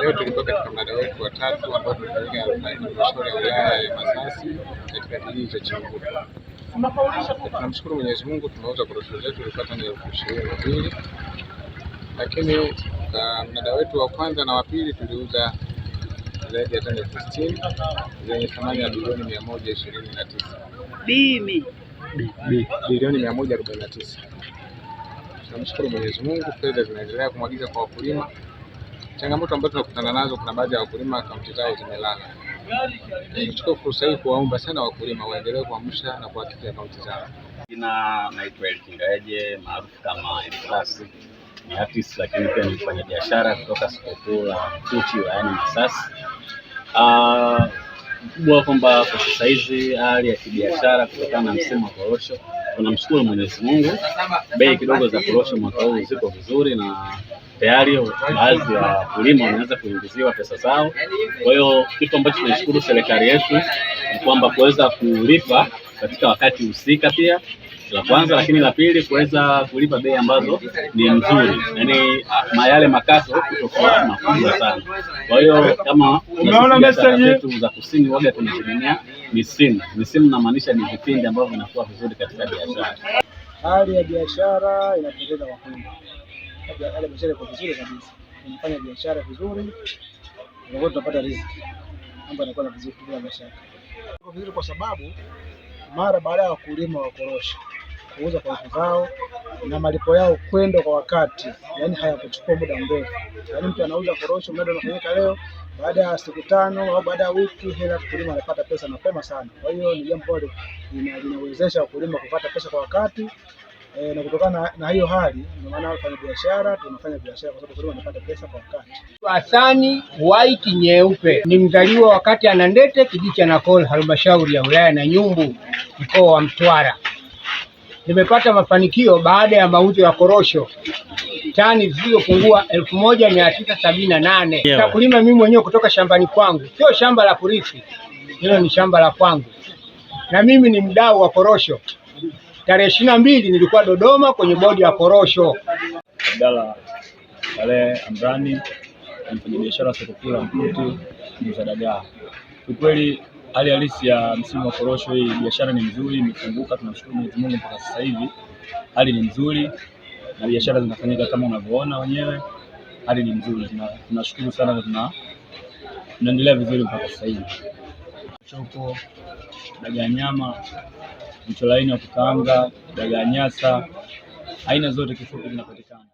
Leo tulikuwa katika mnada wetu wa tatu ambao tulifanyika halmashauri ya wilaya ya Masasi katika kijiji cha Chinguru. Tunamshukuru Mwenyezi Mungu, tumeuza korosho zetu tulipata ni elfu ishirini na mbili, lakini uh, mnada wetu wa kwanza na wa pili tuliuza zaidi ya tani elfu sitini zenye thamani ya bilioni mia moja ishirini na tisa bilioni mia moja arobaini na tisa. Tunamshukuru Mwenyezi Mungu, fedha zinaendelea kumwagika kwa wakulima. Changamoto ambazo tunakutana nazo, kuna baadhi ya wakulima akaunti zao zimelala. Nichukue fursa hii kuwaomba sana wakulima waendelee kuamsha na kuhakiki akaunti zao. Jina naitwa Elikingaeje maarufu kama Elifasi, ni artist lakini pia ni mfanya biashara kutoka soko kuu la Mkuchi yaani Masasi. uh, kwamba kwa sasa hizi hali ya kibiashara kutokana na msimu wa korosho tunamshukuru Mwenyezi Mungu, bei kidogo za korosho mwaka huu ziko vizuri na tayari baadhi ya wakulima wameanza kuingiziwa pesa zao. Kwa hiyo kitu ambacho tunashukuru serikali yetu ni kwamba kuweza kulipa katika wakati husika pia la kwanza, lakini la pili kuweza kulipa bei ambazo ni nzuri, yaani ah, mayale makato kutokuwa makubwa sana. Kwa hiyo kama zetu za kusini waga tunategemea misimu, misimu namaanisha ni vipindi ambavyo vinakuwa vizuri katika biashara. Hali ya biashara inapendeza wakulima yale biashara iko vizuri kabisa, unafanya biashara vizuri, kwa tunapata riziki, mambo yanakuwa vizuri bila mashaka. Kwa vizuri kwa sababu mara baada ya wakulima wa korosho kuuza korosho zao na malipo yao kwenda kwa wakati, yani hayakuchukua muda mrefu, Yani mtu anauza korosho, mnada unafanyika leo, baada ya siku tano au baada ya wiki, hela mkulima anapata pesa mapema sana. Kwa hiyo ni jambo ambalo linawezesha wakulima kupata pesa kwa wakati. E, na kutokana na hiyo hali ndio maana wafanya biashara tunafanya biashara kwa sababu tunapata pesa kwa wakati. Hasani White Nyeupe ni mzaliwa wakati Anandete, kijiji cha Nakol, halmashauri ya wilaya na Nyumbu, mkoa wa Mtwara. Nimepata mafanikio baada ya mauzo ya korosho tani zilizopungua elfu moja mia tisa sabini na nane na kulima mimi mwenyewe kutoka shambani kwangu, sio shamba la kurithi, hilo ni shamba la kwangu, na mimi ni mdau wa korosho. Tarehe ishirini na mbili nilikuwa Dodoma kwenye bodi ya korosho. Abdalla Saleh Amrani ni mfanyabiashara soko kuu la Mkuti, muuza dagaa. Ukweli hali halisi ya msimu wa korosho hii, biashara ni nzuri, imefunguka. Tunashukuru Mwenyezi Mungu mpaka sasa hivi hali ni nzuri na biashara zinafanyika kama unavyoona wenyewe, hali ni nzuri. Tunashukuru sana na tuna tunaendelea vizuri mpaka sasa hivi. Choko dagaa nyama mcholaini wa kukaanga, dagaa nyasa, aina zote kifupi zinapatikana.